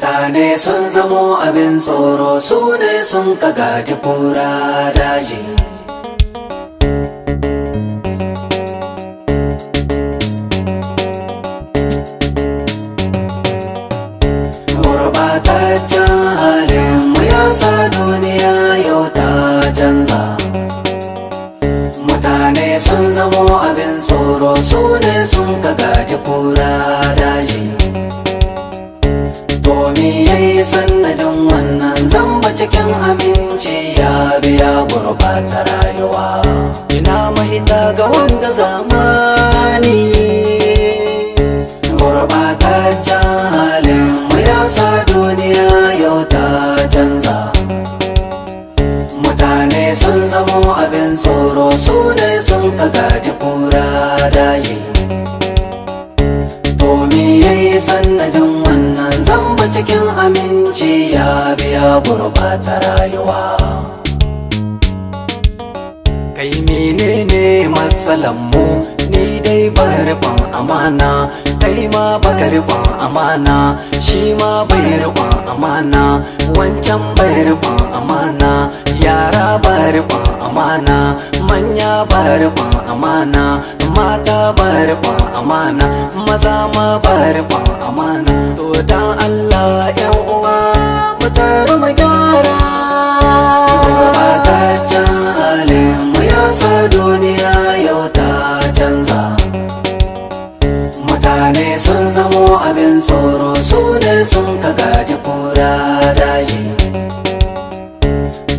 mutane sun zamo abin tsoro su ne sun kagaji kura daji gurbataccen cikin aminci ya biya gurbata rayuwa ina mahita ga wanga zamani gurbataccen halin mu ya sa duniya yau ta canza mutane sun zamo abin tsoro su ne sun kaga gurbata rayuwa kai menene mu ni dai ba amana kai ma barkon amana shi ma bai amana wancan bai amana yara ba amana manya ba amana mata ba amana maza ma ba abin tsoro su ne sun ka gaji kura daji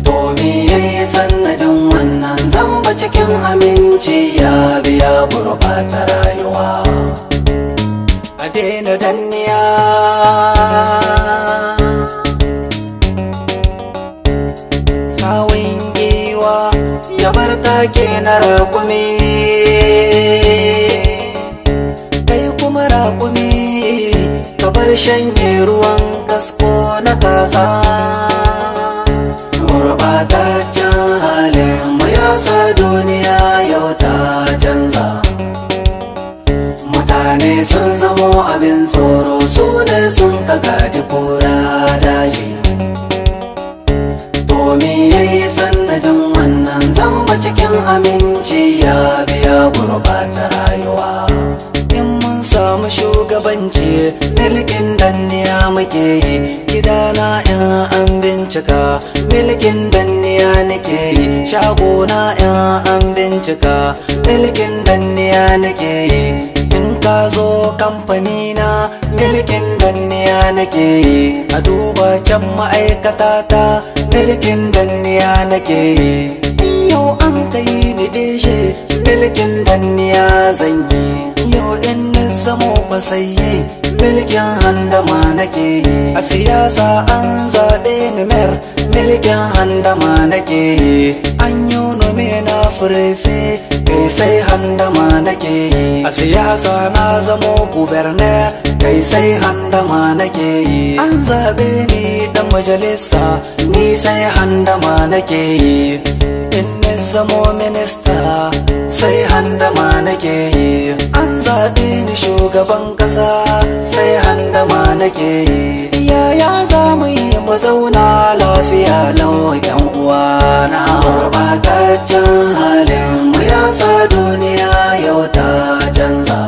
domin yayi sannadin wannan zamba cikin aminci ya biya gurbata rayuwa a daina danniya sawun giwa ya bar take na rakumi kai kuma rakumi kamar shanye ruwan kasko na kasa gurɓataccen halin mu ya sa duniya yau ta canza mutane sun zamo abin tsoro su ne sun kagaji kura daji domin yi sannadin wannan zamba cikin aminci ya biya gurɓatar shugabanci milkin danniya muke yi gidana in an bincika milkin danniya nake yi shagona in an bincika milkin danniya nake yi in ka zo kamfani na milkin danniya nake yi a duba can ma'aikata ta milkin danniya nake yi yau an kai ni dishe milkin danniya zan yi zamo fasayye milkin handama nake yi a siyasa an zaɓe ni mer milkin handama nake yi an yi nome na furefe kai sai handama nake yi a siyasa na zamo gubernar kai sai handama nake yi an zaɓe ni dan majalisa ni sai handama nake yi zamo minista sai handama nake yi an zaɓi ni shugaban ƙasa sai handama nake yi yaya za mu yi mu zauna lafiya lau yan na gurɓataccen halin mu ya sa duniya yau ta canza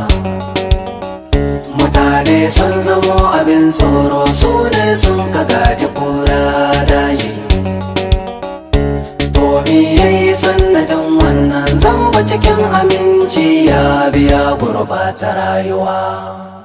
mutane sun zamo abin tsoro su ne sun ka gaji dan wannan zamba cikin aminci ya biya gurbata rayuwa